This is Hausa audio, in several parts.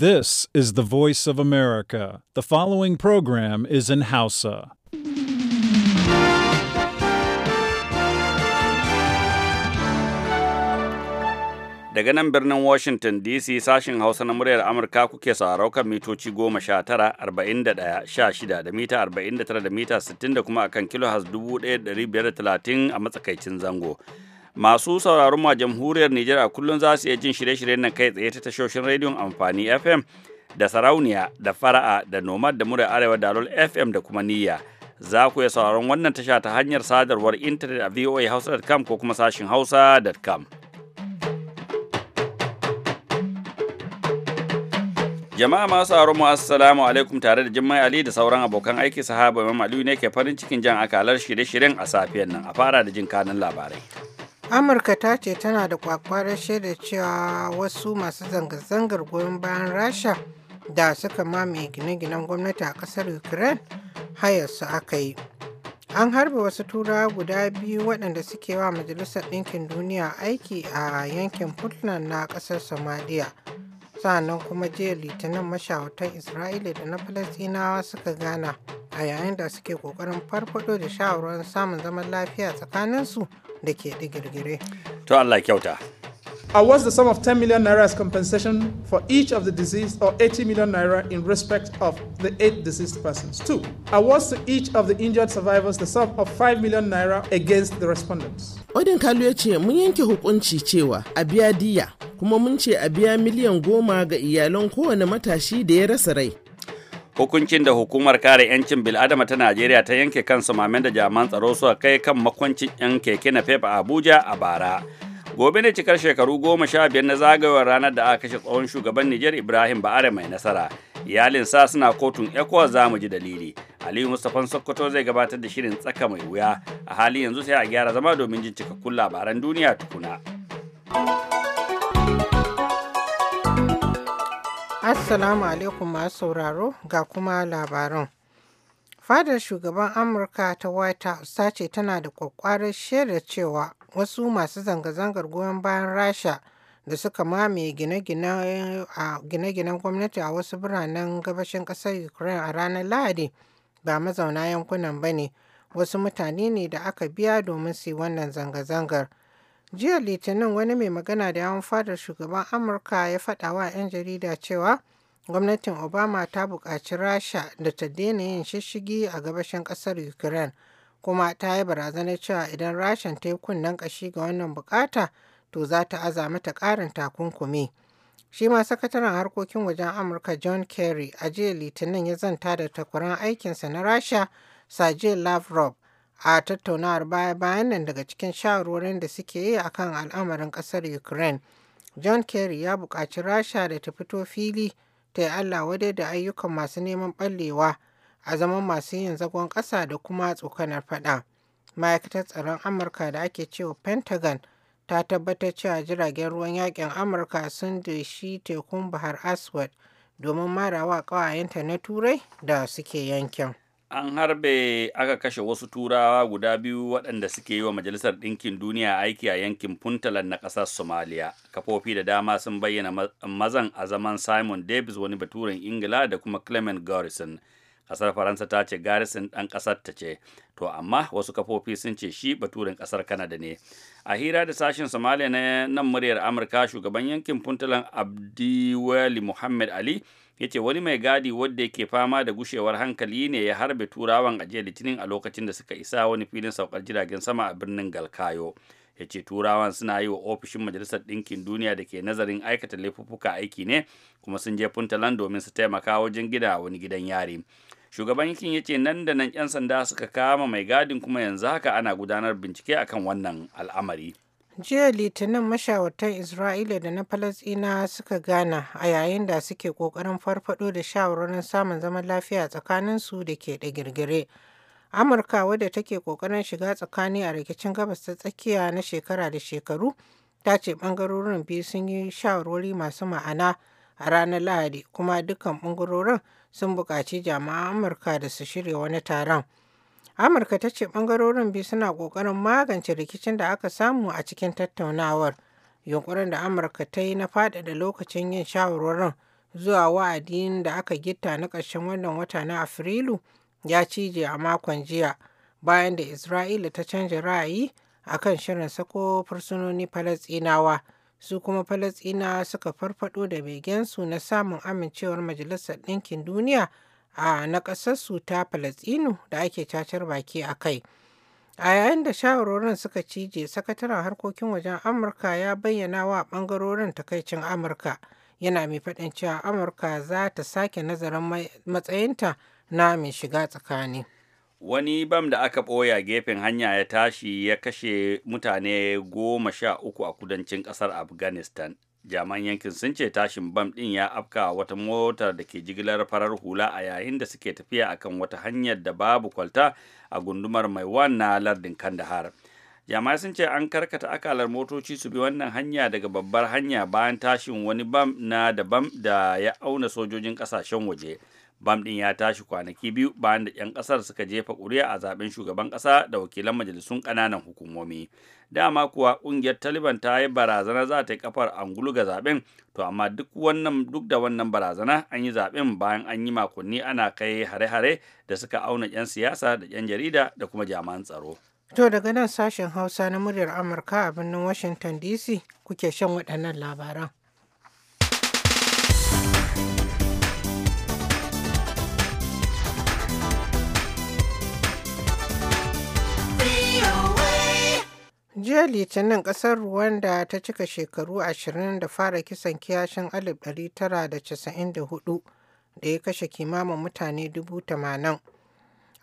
This is the voice of America. The following program is in Hausa. Daga nan birnin Washington DC sashin Hausa na muryar Amurka kuke sauraro kan mitoci goma sha tara, arba'in da mita 49 da tara da mita 60 da kuma akan kilohas dubu ɗaya da biyar talatin a matsakaicin zango. masu sauraron ma jamhuriyar Nijar a kullum za su iya jin shirye-shiryen nan kai tsaye ta tashoshin rediyon amfani FM da sarauniya da fara'a da nomad da mura arewa da FM da kuma niyya. Za ku iya sauraron wannan tasha ta hanyar sadarwar intanet a voahausa.com ko kuma sashin hausa.com. Jama'a masu sauraron mu assalamu alaikum tare da Jummai Ali da sauran abokan aiki sahaba Imam Aliyu ne ke farin cikin jan akalar shirye-shiryen a safiyar nan a fara da jin kanin labarai. amurka ta ce tana da kwakwarar shaida cewa wasu masu zanga-zangar goyon bayan rasha da suka mamaye gine-ginen gwamnati a kasar ukraine su aka yi an harba wasu turawa guda biyu waɗanda suke wa majalisar ɗinkin duniya aiki a yankin puntland na ƙasar somalia sannan kuma jiya litinin mashawatan isra'ila da na falastinawa suka gana a yayin da suke ƙoƙarin farfado da shawarwar samun zaman lafiya tsakaninsu da ke digirgire. To Allah kyauta. Awards the sum of 10 million naira as compensation for each of the deceased or 80 million naira in respect of the eight deceased persons. Two, awards to each of the injured survivors the sum of 5 million naira against the respondents. Odin Kalu ya ce mun yanke hukunci cewa a biya diya kuma mun ce a biya miliyan goma ga iyalan kowane matashi da ya rasa rai hukuncin da hukumar kare 'yancin bil'adama ta najeriya ta yanke kan samamen da jaman tsaro suka kai kan makwancin 'yan keke na fefa a abuja a bara gobe ne cikar shekaru goma sha biyar na zagayowar ranar da aka kashe tsohon shugaban nijar ibrahim ba'are mai nasara iyalin sa suna kotun ecowas za mu ji dalili aliyu mustapha sokoto zai gabatar da shirin tsaka mai wuya a hali yanzu sai a gyara zama domin jin cikakkun labaran duniya tukuna. Assalamu alaikum masu sauraro ga kuma labaran. Fadar shugaban Amurka ta White House ta ce tana da kwakwarar shaida cewa wasu masu zanga-zangar goyon bayan Rasha da suka mamaye gine-ginen gwamnati a wasu biranen gabashin ƙasar Ukraine a ranar Lahadi ba mazauna yankunan ba ne, wasu mutane ne da aka biya domin su yi wannan zanga-zangar. Jiya Litinin wani mai magana da yawan fadar shugaban Amurka ya faɗa wa 'yan jarida cewa gwamnatin Obama ta buƙaci Rasha da ta daina yin shishigi a gabashin ƙasar Ukraine kuma ta yi barazanar cewa idan Rashan ta yi kunnen ƙashi ga wannan buƙata to za ta aza mata ƙarin takunkumi. Shi ma sakataren harkokin wajen Amurka John Kerry a jiya Litinin ya zanta da takwaran aikinsa na Rasha Sergei Lavrov a tattaunawar baya-bayan nan daga cikin shawarwarin da suke yi a kan al'amarin ƙasar ukraine john kerry ya buƙaci rasha da ta fito fili ta yi allah wadai da ayyukan masu neman ɓallewa a zaman masu yin zagon ƙasa da kuma tsokanar faɗa ma'aikatar tsaron amurka da ake cewa pentagon ta tabbatar cewa jiragen ruwan yakin amurka sun shi tekun bahar aswad domin marawa ƙawayenta na turai da suke yankin an harbe aka kashe wasu turawa guda biyu waɗanda suke yi wa majalisar ɗinkin duniya aiki a yankin puntland na ƙasar somaliya kafofi da dama sun bayyana mazan a zaman simon davis wani baturen ingila da kuma clement garrison ƙasar faransa ta ce garrison ɗan ƙasar ta ce to amma wasu kafofi sun ce shi baturen ƙasar kanada ne a hira da sashen Somalia na nan muryar amurka shugaban yankin puntalan abdiwali muhammad ali ya ce wani mai gadi wadda yake fama da gushewar hankali ne ya harbe turawan a jiya litinin a lokacin da suka isa wani filin saukar jiragen sama a birnin galkayo ya ce turawan suna yi wa ofishin majalisar ɗinkin duniya da ke nazarin aikata laifuffuka aiki ne kuma sun je puntalan domin su taimaka wajen gida wani gidan yari shugaban yankin ya ce nan da nan 'yan sanda suka kama mai gadin kuma yanzu haka ana gudanar bincike akan wannan al'amari Jiya Litinin mashawartan Isra'ila da na falasina suka gana a yayin da suke ƙoƙarin farfaɗo da shawarwarin samun zaman lafiya tsakaninsu da ke da girgire. Amurka wadda take ƙoƙarin shiga tsakani a rikicin gabas ta tsakiya na shekara da shekaru ta ce ɓangarorin biyu sun yi shawarwari masu ma'ana a ranar Lahadi kuma dukkan ɓangarorin sun buƙaci jama'a Amurka da su shirya wani taron. Amurka ta ce ɓangarorin biyu suna ƙoƙarin magance rikicin da aka samu a cikin tattaunawar. Yunkurin da Amurka ta yi na faɗaɗa lokacin yin shawarwarin zuwa wa'adin da aka gitta na ƙarshen wannan wata na Afrilu ya cije a makon jiya bayan da Isra'ila ta canza ra'ayi a kan shirin sako fursunoni Falasɗinawa. Su kuma Falasinawa suka farfado da begensu na samun amincewar Majalisar Ɗinkin Duniya a nakasassu ta Falasino, da ake cacar baki a kai. A yayin da shawarorin suka cije, sakataren harkokin wajen Amurka ya bayyana wa ɓangarorin takaicin Amurka, yana mai faɗin cewa Amurka za ta sake nazarin matsayinta na mai shiga tsakani. Wani bam da aka ɓoya gefen hanya ya tashi ya kashe mutane goma sha uku a kudancin ƙasar Afghanistan. jaman yankin sun ce tashin bam ɗin ya afka wata motar da ke jigilar farar hula a yayin da suke tafiya a kan wata hanyar da babu kwalta a gundumar mai na lardin kandahar jama'ai sun ce an karkata akalar motoci su bi wannan hanya daga babbar hanya bayan tashin wani bam na dabam da ya auna sojojin kasashen waje bam ɗin ya tashi kwanaki biyu bayan da 'yan kasar suka jefa ƙuri'a a zaben shugaban kasa da wakilan majalisun kananan hukumomi dama kuwa kungiyar taliban ta yi barazana za ta yi kafar angulu ga zaben to amma duk wannan duk da wannan barazana an yi zaben bayan an yi makonni ana kai hare-hare da suka auna 'yan siyasa da 'yan jarida da kuma jami'an tsaro to daga nan sashen hausa na muryar amurka a birnin washington dc kuke shan waɗannan labaran Jiya Litinin ƙasar Rwanda ta cika shekaru ashirin da fara kisan kiyashin 1994 da ya kashe kimamin mutane dubu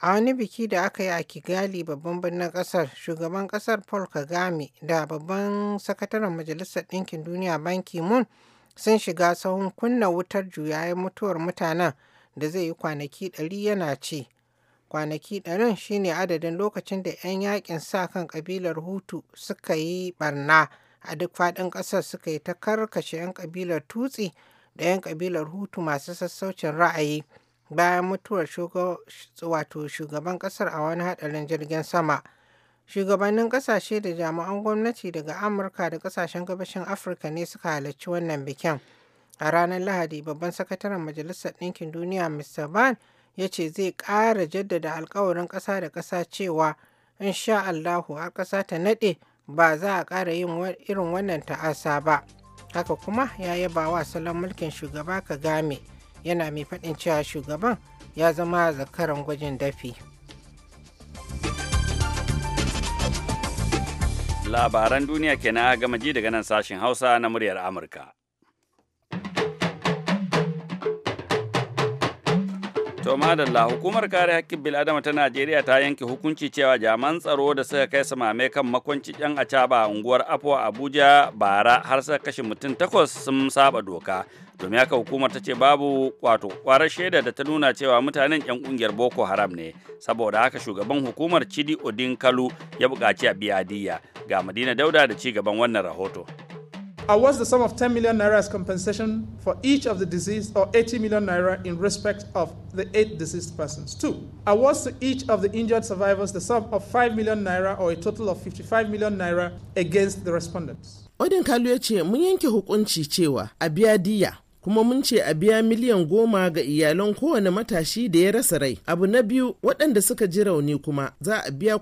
A wani biki da aka yi a Kigali babban birnin ƙasar, shugaban ƙasar Paul Kagame da babban sakataren Majalisar Ɗinkin Duniya Banki moon sun shiga sahun kunna wutar juyayen mutuwar mutanen da zai yi kwanaki 100 yana ce. kwanaki ɗarin shine adadin lokacin da 'yan yakin sa kan ƙabilar hutu suka yi barna a duk faɗin ƙasar suka yi ta karkashe 'yan kabilar tutsi da 'yan ƙabilar hutu masu sassaucin ra'ayi bayan mutuwar shugaban ƙasar a wani haɗarin jirgin sama shugabannin ƙasashe da jami'an gwamnati daga amurka da ƙasashen gabashin afirka ne suka halarci wannan bikin a ranar lahadi babban sakataren majalisar ɗinkin duniya mr ban ya ce zai ƙara jaddada alkawarin ƙasa da ƙasa cewa sha Allahu a ƙasa ta naɗe ba za a ƙara yin irin wannan ta'asa ba. Haka kuma ya yaba wa salon mulkin shugaba Kagame yana mai faɗin cewa shugaban ya zama zakaran gwajin dafi. Labaran duniya kenan gama ji daga nan sashen Hausa na muryar Amurka. To madalla hukumar kare hakkin bil'adama ta Najeriya ta yanke hukunci cewa jaman tsaro da suka kai samame kan makwanci yan acaba a unguwar Afwa Abuja bara har suka kashe mutum takwas sun saba doka. Domin haka hukumar ta ce babu wato kwarar shaida da ta nuna cewa mutanen yan kungiyar Boko Haram ne. Saboda haka shugaban hukumar Chidi odinkalu ya buƙaci a biya diya. Ga Madina Dauda da ci gaban wannan rahoto. awards the sum of 10 million naira as compensation for each of the deceased or 80 million naira in respect of the eight deceased persons. Two, awards to each of the injured survivors the sum of 5 million naira or a total of 55 million naira against the respondents. Odin Kalu mun yanke hukunci cewa a biya diya kuma mun ce a biya miliyan goma ga iyalan kowane matashi da ya rasa rai abu na biyu waɗanda suka ji rauni kuma za a biya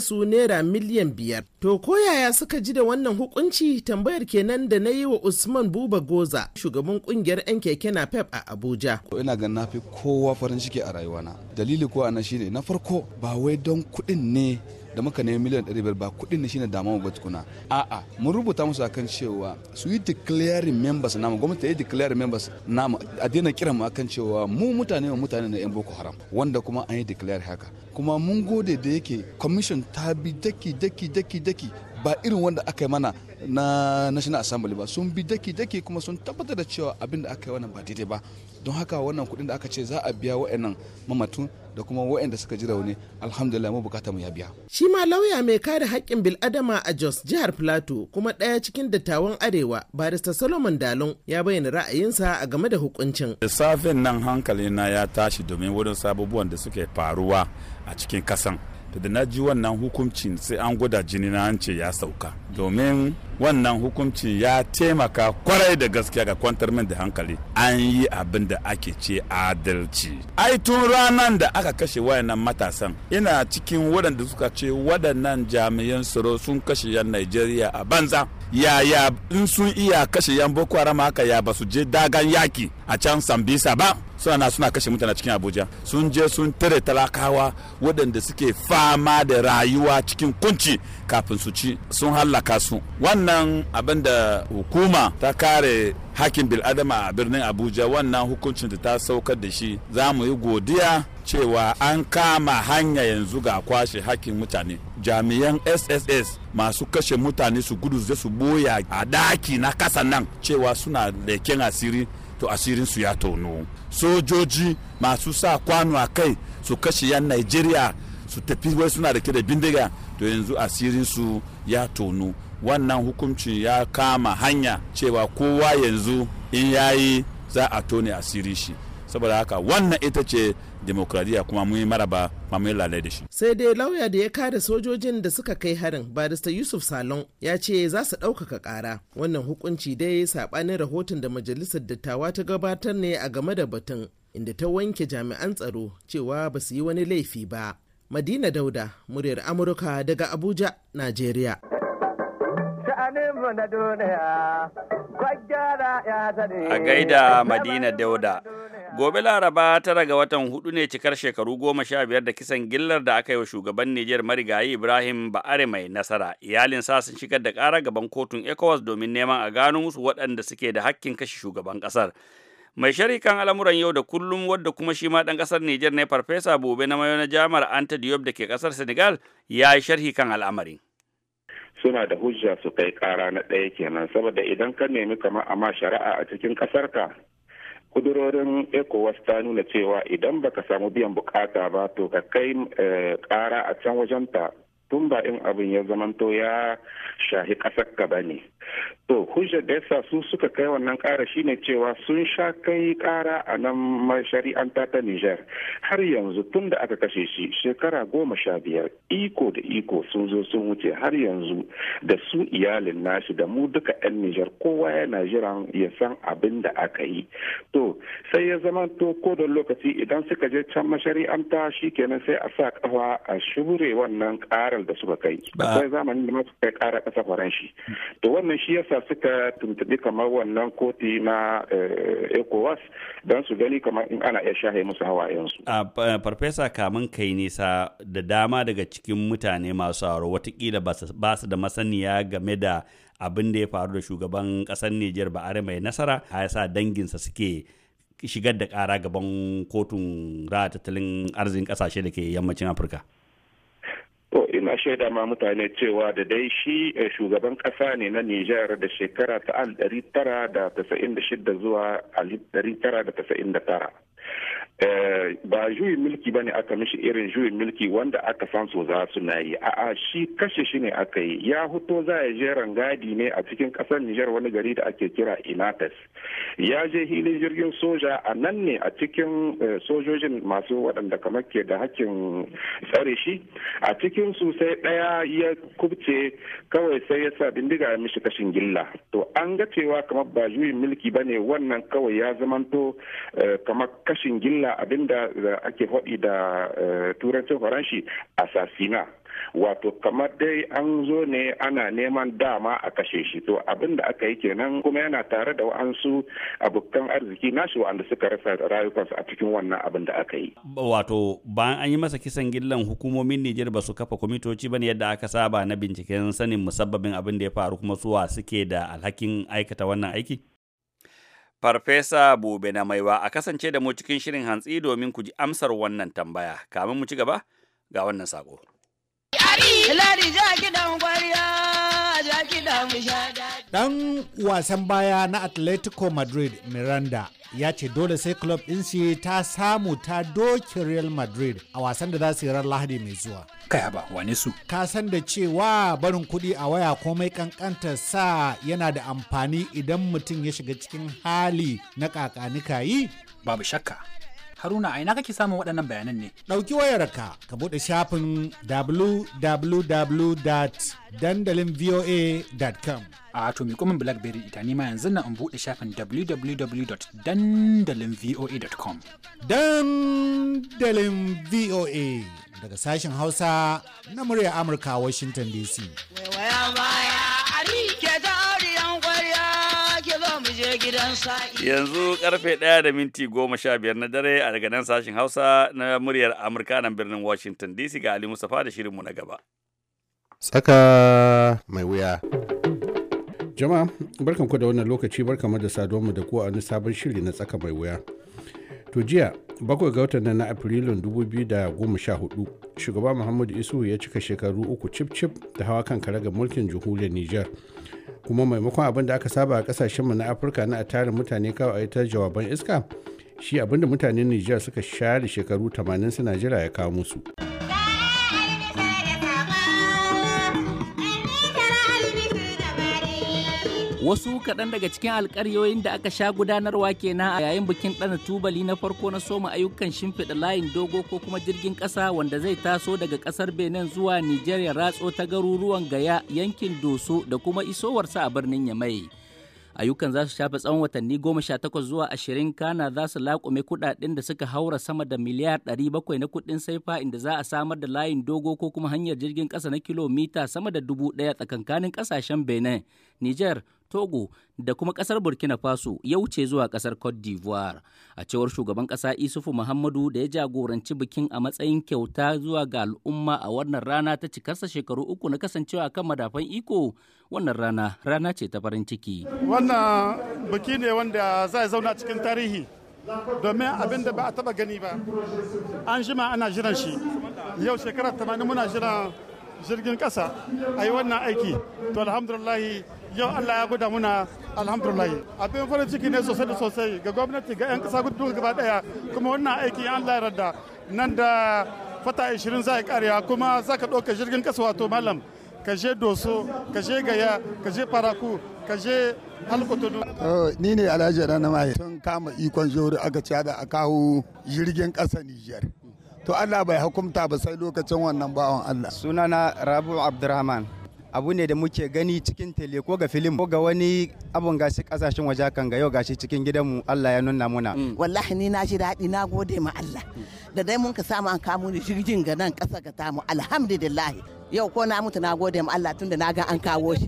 su naira miliyan biyar to ko yaya suka ji da wannan hukunci tambayar kenan da na yi wa usman buba goza shugaban kungiyar yan keke na pep a abuja ina ga na fi kowa farin ciki a rayuwana dalili ko na shine na farko ba wai don kuɗin ne da muka nemi miliyan 500 ba kuɗin ne shine damuwa ba tukuna a'a mun rubuta musu akan cewa su yi declaring members namu gwamnati ta yi declaring members namu a daina kiran mu akan cewa mu mutane mu mutane na yan boko haram wanda kuma an yi declare haka kuma mun gode da yake commission ta bi daki daki daki daki ba irin wanda aka yi mana na national assembly ba sun bi daki daki kuma sun tabbatar da cewa abin da aka yi wannan ba daidai ba don haka wannan kudin da aka ce za a biya wa'annan mamatu da kuma wa'anda suka ji rauni alhamdulillah mu bukata mu ya biya shi ma lauya mai kare haƙƙin bil'adama a Jos jihar Plateau kuma ɗaya cikin dattawan arewa barista Solomon Dalon ya bayyana ra'ayinsa a game da hukuncin safin nan hankali na ya tashi domin wurin sabubuwan da suke faruwa a cikin kasan da na ji wannan hukuncin sai an gwada jini na an ce ya sauka domin wannan hukunci ya taimaka kwarai da gaskiya ga kwantar min da hankali an yi abin da ake ce adalci ai tun ranar da aka kashe wayannan matasan ina cikin waɗanda suka ce waɗannan jami'an tsaro sun kashe yan Najeriya a banza yaya in sun iya kashe yan Boko Haram haka ya basu je dagan yaki a can Sambisa ba suna na suna kashe mutane cikin Abuja sun je sun tare talakawa waɗanda suke fama da rayuwa cikin kunci kafin su ci sun hallaka su wannan abin da hukuma ta kare hakin bil'adama a birnin abuja wannan hukuncin da ta saukar da shi za mu yi godiya cewa an kama hanya yanzu ga kwashe hakin mutane jami'an sss masu kashe mutane su gudu zai su boya a daki na kasa nan cewa suna leken asiri to asirin su ya tono sojoji masu sa kwano a kai su kashe yan nigeria su tafi wai suna da da bindiga to yanzu asirin su ya tono wannan hukunci ya kama hanya cewa kowa yanzu in ya yi za a tone asiri shi saboda haka wannan ita ce demokradiyya kuma mun yi maraba kuma mun lalai da shi. Sai dai lauya da ya kare sojojin da suka kai harin barista Yusuf Salon ya ce za su ɗaukaka ƙara. Wannan hukunci dai saɓanin rahoton da majalisar dattawa ta gabatar ne a game da batun inda ta wanke jami'an tsaro cewa ba su yi wani laifi ba. Madina Dauda, muryar Amurka daga Abuja, Najeriya. A gaida Madina Dauda. Gobe Laraba tara ga watan hudu ne cikar shekaru goma sha biyar da kisan gillar da aka yi wa shugaban Nijar marigayi Ibrahim Ba'are mai nasara. Iyalin sa sun shigar da kara gaban kotun ECOWAS domin neman a gano musu waɗanda suke da hakkin kashe shugaban ƙasar. mai shari kan al'amuran yau da kullum wadda kuma shi ma ɗan kasar Nijar ne farfesa bobe na mayo na jami'ar Anta Diop da ke ƙasar Senegal ya yi sharhi kan al'amarin. suna da hujja su kai kara na ɗaya kenan saboda idan ka nemi kamar ma shari'a a cikin ƙasarka kudurorin ecowas ta nuna cewa idan baka samu biyan bukata ba to ka kai kara eh, a can wajen ta. tun ba in abin ya zamanto ya shahi ƙasar ka ba ne to hujjar da yasa su suka kai wannan ƙara shine cewa sun sha kai ƙara a nan shari'anta ta nijar har yanzu tun da aka kashe shi shekara goma sha biyar iko da iko sun zo sun wuce har yanzu da su iyalin nashi da mu duka 'yan nijar kowa yana jiran ya san abin da aka yi to sai ya zama ko da lokaci idan suka je can mashari'anta kenan sai a sa kafa a shure wannan ƙara karar da suka kai akwai zamanin da masu kai kara kasa faranshi to wannan shi yasa suka tuntubi kamar wannan koti na eh, ecowas don su gani kamar in ana iya shahe musu hawayensu a farfesa kamun kai nisa da dama daga cikin mutane masu haro watakila ba su da masaniya game da abin da ya faru da shugaban kasar Nijar are mai nasara a sa danginsa suke shigar da kara gaban kotun ra tattalin arzikin kasashe da ke yammacin Afirka. To ina shaida ma mutane cewa da dai shi eh, shugaban kasa ne na Nijar da shekara ta an tara da da zuwa 1999. tara da da tara. Eh, ba juyin mulki ba ne aka mishi irin juyin mulki wanda aka san so za su na yi a'a shi kashe shi ne aka yi ya huto za ya je rangadi ne a cikin kasar Nijar wani gari da ake kira Inatas ya je hilin jirgin soja a nan ne a cikin eh, sojojin masu waɗanda kamar ke da hakkin tsare shi a cikin su sai ɗaya ya kubce kawai sai ya sa bindiga ya mishi kashin gilla to an ga cewa kamar ba juyin mulki ba ne wannan kawai ya zamanto eh, kamar kashin gilla abin da ake faɗi da eh, turancin faranshi assassina wato kamar dai an zo ne ana neman dama a kashe shi to abin da aka yi kenan kuma yana tare da wa'ansu abokan arziki nashi wanda suka rasa rayukansu a cikin wannan abin da aka yi wato bayan an yi masa kisan gillan hukumomin Nijar ba su kafa kwamitoci ba ne yadda aka saba na binciken sanin musabbabin abin da ya faru kuma suwa suke da alhakin aikata wannan aiki Farfesa Bobe na Maiwa a kasance da mu cikin shirin hantsi domin ku ji amsar wannan tambaya. Kamin mu ci gaba ga wannan sako. Ladi ja kiɗan kwarya, ja kiɗan bishada. Dan wasan baya na Atletico Madrid Miranda ya ce dole sai club shi ta samu ta doki Real Madrid a wasan da za su yi ran Lahadi mai zuwa. Kaya ba wani su. Ka san da cewa barin kuɗi a waya komai kankanta sa yana da amfani idan mutum ya shiga cikin hali na kakanika yi? Babu shakka. Haruna a ina kake samun waɗannan bayanan ne? Ɗauki wayarka ka buɗe shafin www.dandalinvoa.com. A to mi kuma Blackberry ita ma yanzu na in buɗe shafin www.dandalinvoa.com. Dandalin VOA daga sashen Hausa na murya Amurka Washington DC. Waya waya, Yanzu karfe ɗaya da minti goma sha biyar na dare a daga nan sashen Hausa na muryar Amurka nan birnin Washington DC ga Ali Mustapha da shirinmu na gaba. Tsaka mai wuya. Jama'a, barkan ku da wannan lokaci barkan da saduwar mu da ku wani sabon shiri na tsaka mai wuya. To jiya, bakwai ga watan nan na Afrilun 2014, shugaba Muhammadu Isu ya cika shekaru uku cif cif da hawa kan ga mulkin jamhuriyar Nijar. kuma maimakon abin da aka saba a kasashenmu na afirka na a tarin mutane kawai ta jawaban iska shi abin da mutanen nijar suka share shekaru 80 suna jira ya kawo musu. wasu kaɗan daga cikin alkaryoyin da aka sha gudanarwa kenan a yayin bikin ɗana tubali na farko na soma ayyukan shimfiɗa layin dogo ko kuma jirgin ƙasa wanda zai taso daga ƙasar benin zuwa nijar ratso ta garuruwan gaya yankin doso da kuma isowarsa a birnin yamai ayyukan za su shafe tsawon watanni goma sha takwas zuwa ashirin kana za su laƙume kuɗaɗen da suka haura sama da miliyar ɗari bakwai na kuɗin saifa inda za a samar da layin dogo ko kuma hanyar jirgin ƙasa na kilomita sama da dubu ɗaya tsakankanin ƙasashen benin niger Togo da kuma kasar Burkina Faso ya wuce zuwa kasar Cote d'Ivoire. A cewar shugaban kasa Isufu Muhammadu da ya jagoranci bikin a matsayin kyauta zuwa ga al'umma a wannan rana ta cikarsa shekaru uku na kasancewa kan madafan iko wannan rana rana ce ta farin ciki. Wannan biki ne wanda zai zauna cikin tarihi domin abin da ba a taba gani ba. An jima ana jiran shi. Yau shekara 80 muna jiran jirgin kasa a yi wannan aiki to alhamdulillahi yau allah ya guda muna alhamdulillahi abin farin ciki ne sosai da sosai ga gwamnati ga 'yan kasa gudu gaba daya kuma wannan aiki an da nan da fata 20 za a karya kuma za ka ɗauka jirgin kasa wato malam ka je doso ka je gaya ka je faraku ka je halkutudu. ni ne alhaji na maye tun kama ikon jori aka da a kawo jirgin kasa nijar to Allah bai hukunta ba sai lokacin wannan bawan Allah sunana Rabu Abdurrahman abu ne da muke gani cikin tele ko ga filim ko ga wani abun gashi kasashen waje kan ga yau gashi cikin gidanmu Allah ya nuna muna mm. wallahi ni na ji daɗi na gode ma Allah mm. da dai mun ka samu an kamo ni jirgin ga nan ƙasa ga tamu alhamdulillah yau ko na mutu na gode ma Allah tunda na ga an kawo shi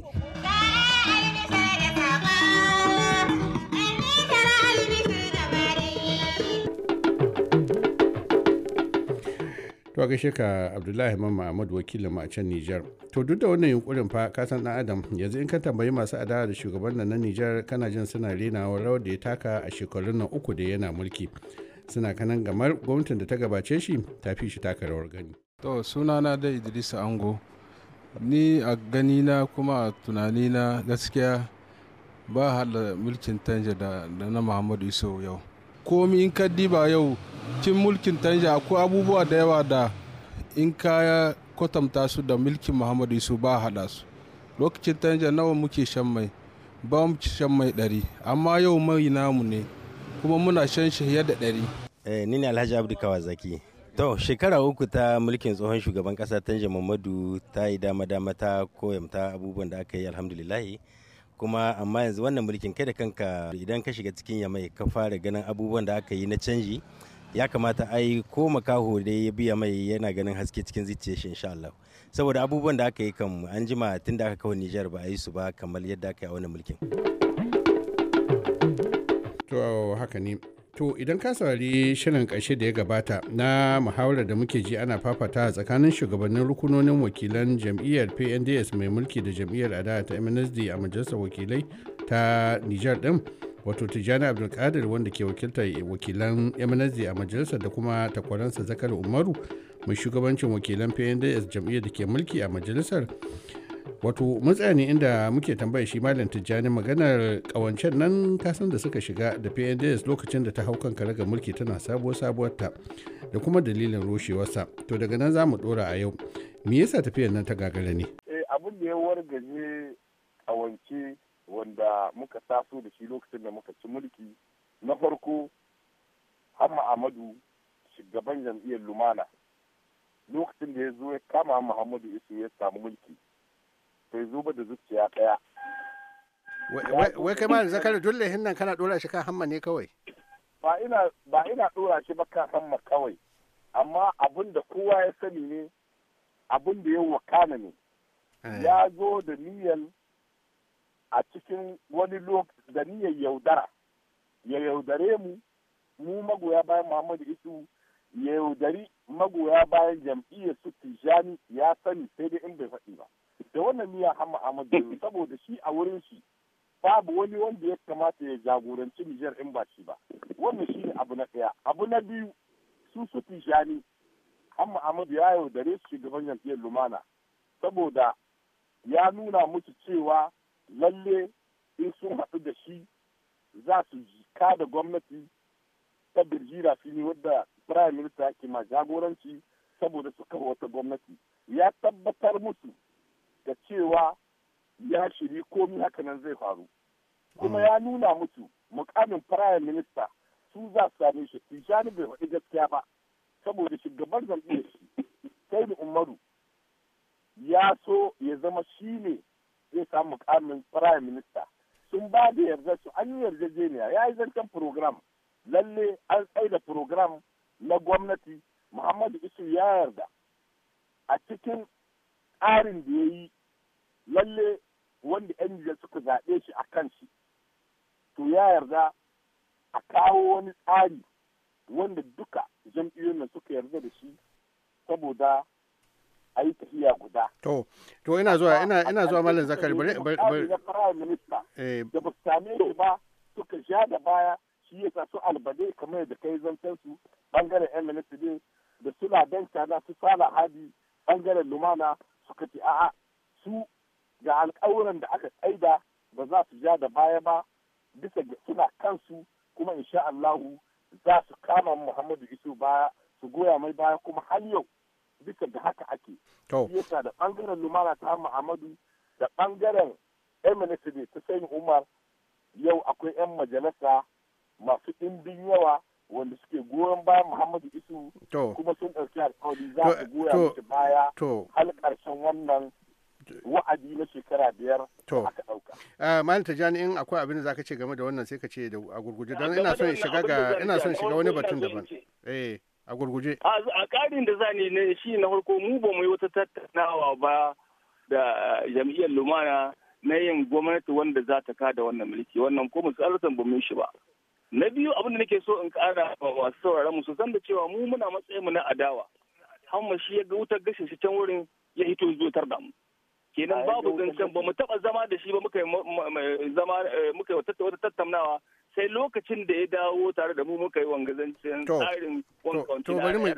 to gaishe ka abdullahi mamma ahmad wakilin mu a can nijar to duk da wannan yunkurin fa kasan san dan adam yanzu in ka tambayi masu adawa da shugaban nan na nijar kana jin suna renawa rawar da ya taka a shekarun nan uku da yana mulki suna kanan gamar gwamnatin da ta gabace shi ta fi shi taka rawar gani to sunana da idrisa ango ni a ganina kuma a tunani na gaskiya ba hada mulkin tanja da na muhammadu iso yau komi in ka diba yau cin mulkin tanja akwai abubuwa da yawa da in ka kwatanta su da mulkin muhammadu su ba haɗa su lokacin tanja nawa muke shan mai ba mu shan mai ɗari amma yau mai namu ne kuma muna shan shi da ɗari. Eh, ni ne alhaji abdu kawazaki to shekara uku ta mulkin tsohon shugaban kasa tanja muhammadu ta yi dama dama ta koyamta abubuwan da aka yi alhamdulillahi kuma amma yanzu wannan mulkin kai da kanka idan ka shiga cikin yamai ka fara ganin abubuwan da aka yi na canji ya kamata ai ko makaho da ya biya mai yana ganin haske cikin zuciya shi insha Allah saboda abubuwan da aka yi kan an jima tun da aka kawo Nijar ba a yi su ba kamar yadda aka yi a wannan mulkin to haka ne To idan ka saurari shirin ƙarshe da ya gabata na muhawarar da muke ji ana fafata tsakanin shugabannin rukunonin wakilan jam'iyyar PNDS mai mulki da jam'iyyar adawa ta MNSD a majalisar wakilai ta Nijar din wato Tijjani Abdulkadir wanda ke wakilta wakilan MNSD a majalisar da kuma takwaransa Zakar Umaru mai shugabancin wakilan PNDS jam'iyyar da ke mulki a majalisar. wato matsaya ne inda muke tambaya shi malam tijjani maganar kawancen nan kasan da suka shiga da pnds lokacin da ta hau kan ga mulki tana sabuwar sabuwar ta da kuma dalilin rushewarsa to daga nan za mu dora a yau me yasa tafiyar nan ta gagara ne eh, abin da ya wargaje kawance wanda muka taso da shi lokacin da muka ci mulki na farko hamma amadu shugaban jam'iyyar lumana lokacin da ya zo ya kama muhammadu isu ya samu mulki bai zuba ba da zuciya ɗaya. Wai kai ma zakar dole hinnan kana ɗora shi kan hamma ne kawai. Ba ina ba ɗora shi ba kan hamma kawai. Amma abin da kowa ya sani ne abin da ya wakana ne. Eh. Ya zo da niyyar a cikin wani lokaci da niyyar yaudara. Ya yaudare mu mu magoya bayan Muhammadu Isu ya yaudari magoya bayan jam'iyyar su Tijjani ya sani sai dai in bai faɗi ba. da wannan miya hama amadu saboda shi a wurin shi babu wani wanda ya kamata ya jagoranci Nijar in ba shi ba wannan shi ne abu na ɗaya abu na biyu su su tijani hamma amadu ya yaudare su shugaban yankiyar lumana saboda ya nuna musu cewa lalle in sun haɗu da shi za su da gwamnati ta birjira fili wadda prime minister ke ma jagoranci saboda su kawo wata gwamnati ya tabbatar musu da cewa ya shiri komi haka nan zai faru kuma mm. ya nuna musu mukamin prime minister su za su same shi tijjani bai faɗi gaskiya ba saboda shugaban zamɓe shi sai da umaru ya so ya zama shi ne zai samu mukamin prime minister sun ba da yarda su an yi yarjejeniya ya yi zancen program lalle an da program na gwamnati muhammadu isu ya yarda a cikin tsarin da ya yi lalle wanda yan Nijar suka zaɓe shi a kan shi to ya yarda a kawo wani tsari wanda duka jam'iyyun nan suka yarda da shi saboda a yi tafiya guda. To, to ina zuwa ina zuwa Malam Zakari bari bari da Prime Minister eh. da ba same shi ba suka ja da baya shi yasa su albade kamar da kai zancen su bangaren yan minista ne da suna dan kaza su sala hadi bangaren lumana suka ce a'a su ga alkawuran da aka tsaida ba za su ja da baya ba bisa ga suna kansu kuma insha Allahu za su kama Muhammadu Isu baya su goya mai baya kuma har yau bisa ga haka ake. To. Yasa da ɓangaren lumana ta Muhammadu da bangaren Eminence ne ta sayin Umar yau akwai 'yan majalisa masu ɗimbin yawa wanda suke goyon bayan Muhammadu Isu kuma sun ɗauki alkawari za su goya baya har ƙarshen wannan wa'adi na shekara biyar ka ɗauka. Ah, Malam Tajani in akwai abin da za ka ce game da wannan sai ka ce da a gurguje don ina son shiga ga ina son shiga wani batun daban. Eh a gurguje. A ƙarin da zani ne shi na farko mu ba mu yi wata tattaunawa ba da jam'iyyar lumana na yin gwamnati wanda za ta kada wannan mulki wannan ko mu tsaratan ba mu shi ba. Na biyu abin da nake so in ƙara masu sauraron mu su san da cewa mu muna matsayin mu na adawa. Hamma shi ya ga wutar gashin shi can wurin ya hito zuwa tar da mu. kenan babu zancen ba mu taba zama da shi ba muka zama eh, muka wata tattaunawa sai lokacin da ya dawo tare da mu muka yi wanga zancen tsarin to bari mu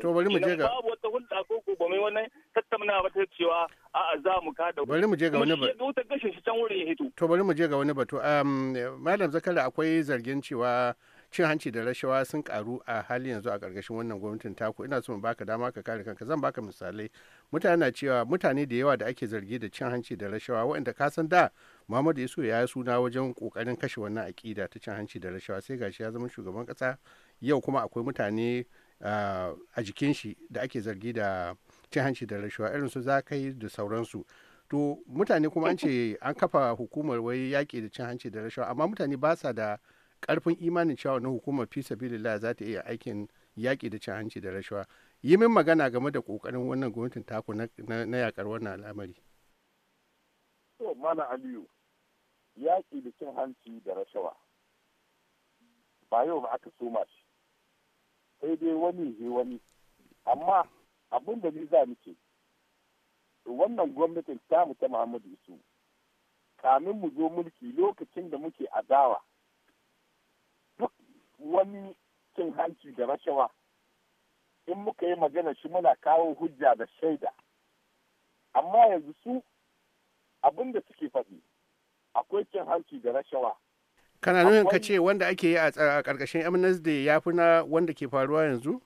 to bari mu je ga babu wata hulɗa ko ko ba mai wannan tattaunawa ba ta cewa a'a za mu ka da bari mu je ga wani ba ta gashin shi can wurin ya hito to bari mu je ga wani batu um, malam zakara akwai zargin cewa cin hanci da rashawa sun karu a hali yanzu a ƙarƙashin wannan gwamnatin taku ina so baka dama ka kare kanka zan baka misalai mutane na cewa mutane da yawa da ake zargi da cin hanci da rashawa waɗanda ka san da Muhammadu Yusuf ya yi suna wajen kokarin kashe wannan aƙida ta cin hanci da rashawa sai gashi ya zama shugaban ƙasa yau kuma akwai mutane a jikin shi da ake zargi da cin hanci da rashawa irin su zakai da sauransu to mutane kuma an ce an kafa hukumar wai yaƙi da cin hanci da rashawa amma mutane ba sa da karfin imanin cewa na hukumar fi sabilillah za ta iya aikin yaƙi da cin hanci da rashawa yi min magana game da kokarin wannan gwamnatin taku na yakar wannan al'amari to mana aliyu yaƙi da cin hanci da rashawa ba yau ba aka soma shi sai dai wani he wani amma abin da ni za mu ce wannan gwamnatin tamu ta muhammadu isu kamin mu zo mulki lokacin da muke adawa duk wani cin hanci da rashawa in muka yi magana shi muna kawo hujja da shaida amma yanzu su abin da suke faɗi akwai cin hanci da rashawa kana nuna ka ce wanda ake yi a ƙarƙashin amnesty ya fi na wanda ke faruwa yanzu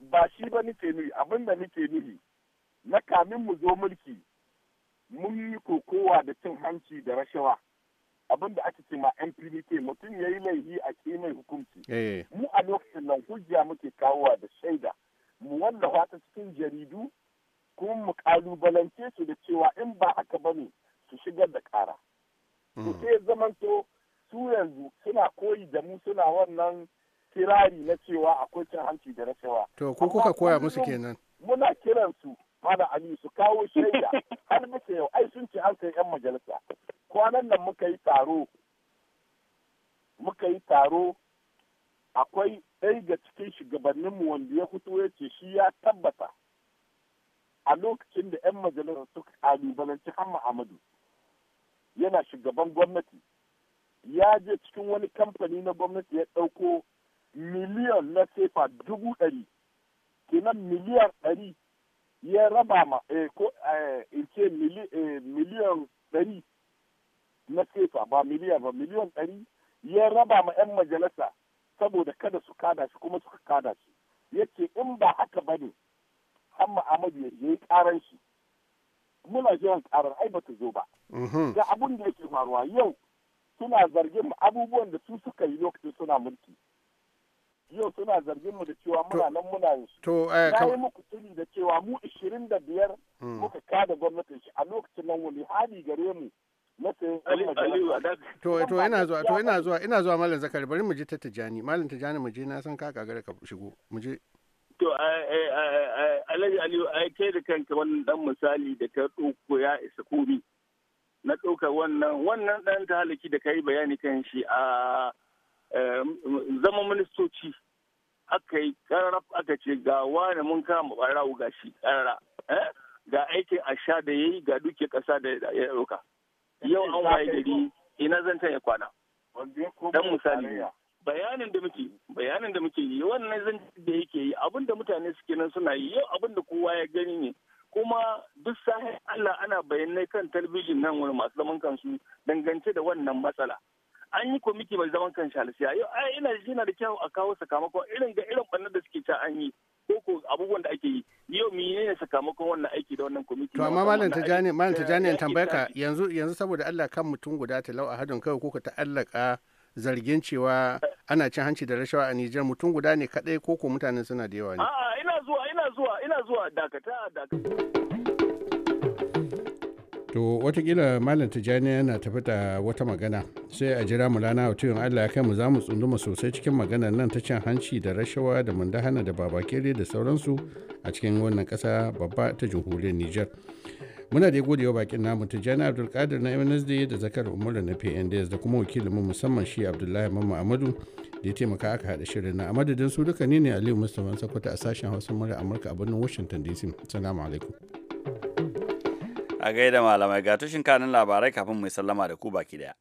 ba shi ba nike nuhi abin da nike nuhi na kamin mu zo mulki mun yi kokowa da cin hanci da rashawa abin da ake ce ma NPDK mutum ya yi laifi a ke mai hukunci. Eh. Mu a lokacin nan hujja muke kawowa da shaida mu wallafa ta cikin jaridu kuma mu kalubalance su da cewa in ba aka ba ne su shigar da kara. ke hmm. sai zamanto su yanzu suna koyi da mu suna wannan kirari na cewa akwai cin hanci da rashawa. To ko kuka koya musu kenan? Muna kiran Mala ami su kawo shaida har muke yau ai sun an harkar 'yan majalisa. Kwanan nan muka yi taro, muka yi taro akwai ɗaya ga cikin shugabanninmu wanda ya fito ya ce shi ya tabbata a lokacin da 'yan majalisa suka kalubalanci Hamma muhammadu yana shugaban gwamnati ya je cikin wani kamfani na gwamnati ya ɗauko miliyan na sefa dubu ɗari kenan miliyan ɗari ya raba ma eh, ko eh, in ce eh, miliyan dari na kefa ba miliyan ba miliyan ɗari ya raba ma 'yan majalisa saboda kada su kada shi kuma suka kada shi ya in ba haka bane ne hamma amadu ya yi karan shi muna jiran karar ai ba ta zo ba mhm. ga abun da yake faruwa yau suna zargin abubuwan da su suka yi lokacin suna mulki yau suna zargin mu da cewa muna nan muna yi to eh, na yi muku tuni da cewa mu ishirin da biyar hmm. muka kada gwamnatin shi a lokacin nan wani hali gare mu to to ina zuwa to ina zuwa ina zuwa malam zakari bari mu je ta tijani malam tijani mu je na san ka gare ka shigo mu je to alhaji aliyu ai kai da kanka wannan dan misali da ka ɗauko ya isa komi na ɗaukar wannan wannan ɗan ta halaki da ka yi bayani kan shi a zama ministoci aka yi kararraf aka ce ga wani mun kama barawo ga shi karara eh? ga aikin asha da ya yi ga duke kasa da ya ɗauka yau an waye gari ina zan ya kwana dan misali bayanin da muke bayanin da muke yi wannan zan da yake yi abin da mutane suke nan suna yi yau abin da kowa ya gani ne kuma duk sahin Allah ana bayanai kan talabijin nan wani masu zaman kansu dangance da wannan matsala an yi kwamiti mai zaman kan shalisiya yau ai ina yana da kyau a kawo sakamakon irin ga irin bannan da suke ta an yi ko ko abubuwan da ake yi yau ne sakamakon wannan aiki da wannan kwamiti to amma malam tajani malam tajani tambayka yanzu yanzu saboda Allah kan mutum guda talau a hadin kai, ko ka ta'allaka zargin cewa ana cin hanci da rashawa a Nijar mutum guda ne kadai ko ko mutanen suna da yawa ne a'a ina zuwa ina zuwa ina zuwa dakata dakata to watakila malam tijjani yana tafi da wata magana sai a jira mu lana wato allah ya kai mu za mu tsunduma sosai cikin maganar nan ta cin hanci da rashawa da mundahana da babakere da sauransu a cikin wannan kasa babba ta jamhuriyar niger muna da godewa bakin namu tijjani abdulkadir na mnsd da zakar umaru na pnds da kuma wakilin mu musamman shi abdullahi mamma amadu da ya taimaka aka haɗa shirin na a madadin su duka ne ne aliyu mustapha sakwata a sashen hausa mura amurka a birnin washington dc salamu alaikum A gaida malamai ga tushen kanin labarai kafin mu sallama da ku baki daya.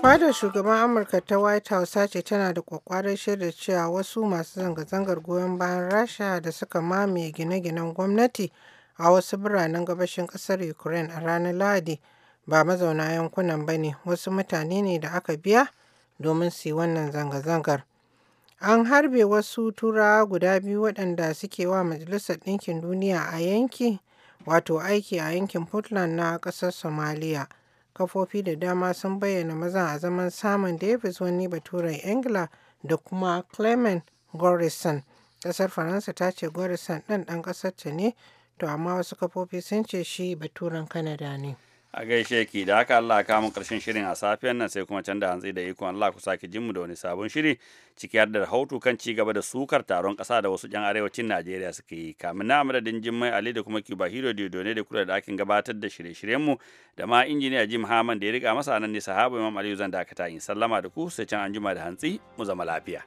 Fadar shugaban Amurka ta White House ce tana da kwakwarar shirya cewa wasu masu zanga-zangar goyon bayan Rasha da suka mamaye gine-ginen gwamnati a wasu biranen gabashin ƙasar Ukraine a ranar Lahadi ba mazauna yankunan ba ne wasu mutane ne da aka biya domin su yi wannan zanga-zangar. An harbe wasu Turawa guda biyu waɗanda suke wa Majalisar Ɗinkin Duniya a yanki, wato aiki a yankin portland na ƙasar Somalia Kafofi da dama sun bayyana maza a zaman samun Davis wani baturen Ingila da kuma Clement Gorison. Ƙasar Faransa ta ce Gorison ɗan ɗan ƙasar ta ne, to amma wasu kafofi sun ce shi baturen Kanada ne. a gaishe ki da haka Allah ka mu karshen shirin a safiyar nan sai kuma can da hantsi da ikon Allah ku sake jinmu da wani sabon shiri ciki har da rahoto kan ci gaba da sukar taron kasa da wasu yan arewacin Najeriya suke yi kamin na madadin Jimmai Ali da kuma Cuba Hero Diodone da kula da dakin gabatar da shirye-shiryen mu da ma injiniya Jim Haman da ya riga masa nan ne sahaba Imam Aliyu zan dakata in sallama da ku sai can anjima da hantsi mu zama lafiya.